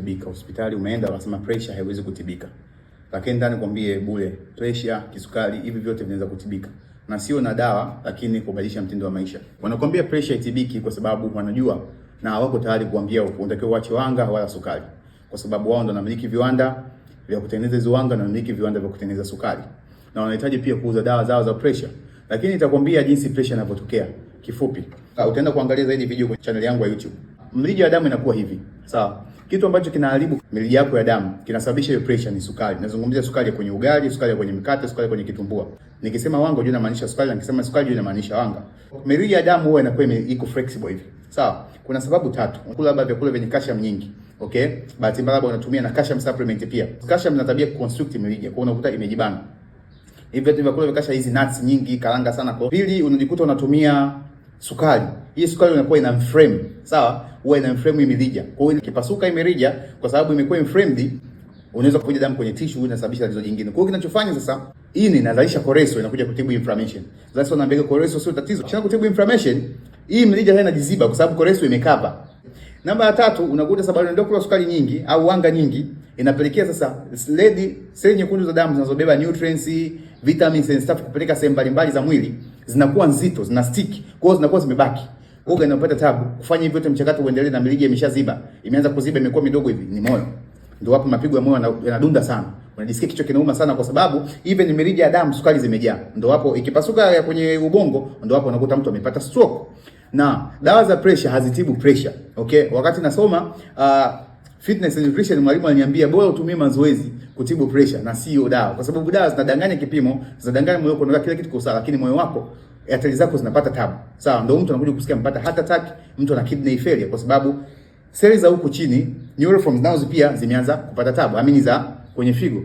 tibika Hospitali umeenda wakasema pressure haiwezi kutibika. Lakini ndani kwambie bure, pressure, kisukari, hivi vyote vinaweza kutibika. Na sio na dawa, lakini kubadilisha mtindo wa maisha. Wanakwambia pressure itibiki kwa sababu wanajua na hawako tayari kuambia unatakiwa uache wanga wala sukari. Kwa sababu wao ndo wanamiliki viwanda vya kutengeneza hizo wanga na wanamiliki viwanda vya kutengeneza sukari. Na wanahitaji pia kuuza dawa zao za pressure. Lakini nitakwambia jinsi pressure inavyotokea kifupi. Ah, utaenda kuangalia zaidi video kwenye channel yangu ya YouTube. Mrija wa damu inakuwa hivi. Sawa? Kitu ambacho kinaharibu miliji yako ya damu kinasababisha hiyo pressure ni sukari. Nazungumzia sukari ya kwenye ugali, sukari ya kwenye mikate, sukari ya kwenye kitumbua. Nikisema wanga unajua inamaanisha sukari, na nikisema sukari unajua inamaanisha wanga. Miliji ya damu huwa inakuwa iko flexible hivi. Sawa? Kuna sababu tatu. Kula labda vyakula vyenye calcium nyingi. Okay? Bahati mbaya unatumia na calcium supplement pia. Calcium ina tabia kuconstrict miliji, kwa hiyo unakuta imejibana. Hivi vyakula vya calcium hizi nuts nyingi, karanga sana kwa. Pili unajikuta unatumia sukari. Hii sukari inakuwa ina frame, sawa? Huwa ina frame imirija. Kwa hiyo ikipasuka imirija kwa sababu imekuwa inflamed, unaweza kuvuja damu kwenye tissue na inasababisha tatizo jingine. Kwa hiyo kinachofanya sasa ini inazalisha koreso inakuja kutibu inflammation. Sasa wanaambia koreso sio tatizo. Kisha kutibu inflammation, hii mirija tena inajiziba kwa sababu koreso imekapa. Namba ya tatu unakuta sababu ndio kula sukari nyingi au wanga nyingi inapelekea sasa red seli nyekundu za damu zinazobeba nutrients, vitamins and stuff kupeleka sehemu mbalimbali za mwili zinakuwa nzito, zina stick, kwa hiyo zinakuwa zimebaki. Organ inapata tabu. Kufanya hivyo yote mchakato uendelee na mirija imeshaziba. Imeanza kuziba imekuwa midogo hivi, ni moyo. Ndio hapo mapigo ya moyo yanadunda sana. Unajisikia kichwa kinauma sana kwa sababu even mirija ya damu sukari zimejaa. Ndio hapo ikipasuka ya kwenye ubongo, ndio hapo unakuta mtu amepata stroke. Na dawa za pressure hazitibu pressure. Okay? Wakati nasoma uh, Fitness and nutrition, mwalimu aliniambia bora utumie mazoezi kutibu pressure na sio dawa, kwa sababu dawa zinadanganya kipimo, zinadanganya moyo wako, kila kitu kwa sawa, lakini moyo wako atari zako zinapata tabu. Sawa, ndio mtu anakuja kusikia mpata heart attack, mtu ana kidney failure, kwa sababu seli za huku chini neuroforms nazo pia zimeanza kupata tabu, amini za kwenye figo.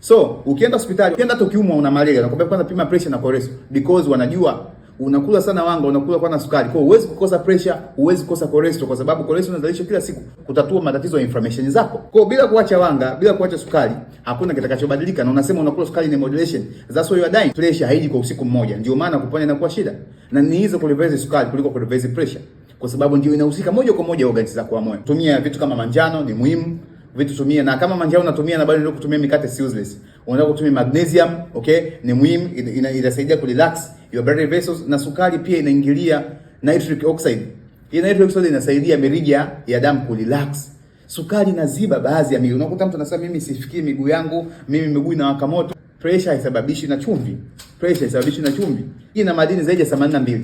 So ukienda hospitali, ukienda hata ukiumwa, una malaria, nakwambia kwanza pima pressure na cholesterol because wanajua unakula sana wanga, unakula kwa na sukari. Kwa hiyo huwezi kukosa pressure, huwezi kukosa cholesterol kwa sababu cholesterol unazalisha kila siku kutatua matatizo ya inflammation zako. Kwa hiyo bila kuacha wanga, bila kuacha sukari, hakuna kitakachobadilika. Na unasema unakula sukari in moderation. That's why you are dying. Pressure haiji kwa usiku mmoja. Ndio maana kupona inakuwa shida. Na ni hizo kulevezi sukari kuliko kulevezi pressure. Kwa sababu ndio inahusika moja kwa moja organs zako za moyo. Tumia vitu kama manjano ni muhimu vitu tumia, na kama manjano unatumia na bado ndio kutumia mikate useless. Unataka kutumia magnesium, okay, ni muhimu, inasaidia ku relax your blood vessels, na sukari pia inaingilia nitric oxide. Hii nitric oxide inasaidia mirija ya damu ku relax. Sukari inaziba baadhi ya miguu. Unakuta mtu anasema mimi sifikii miguu yangu, mimi miguu inawaka moto. Pressure haisababishi na chumvi. Pressure haisababishi na chumvi. Hii ina madini zaidi ya 82.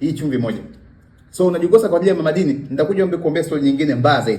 Hii chumvi moja. So unajikosa kwa ajili ya madini, nitakuja ombe kuombea story nyingine mbaya zaidi.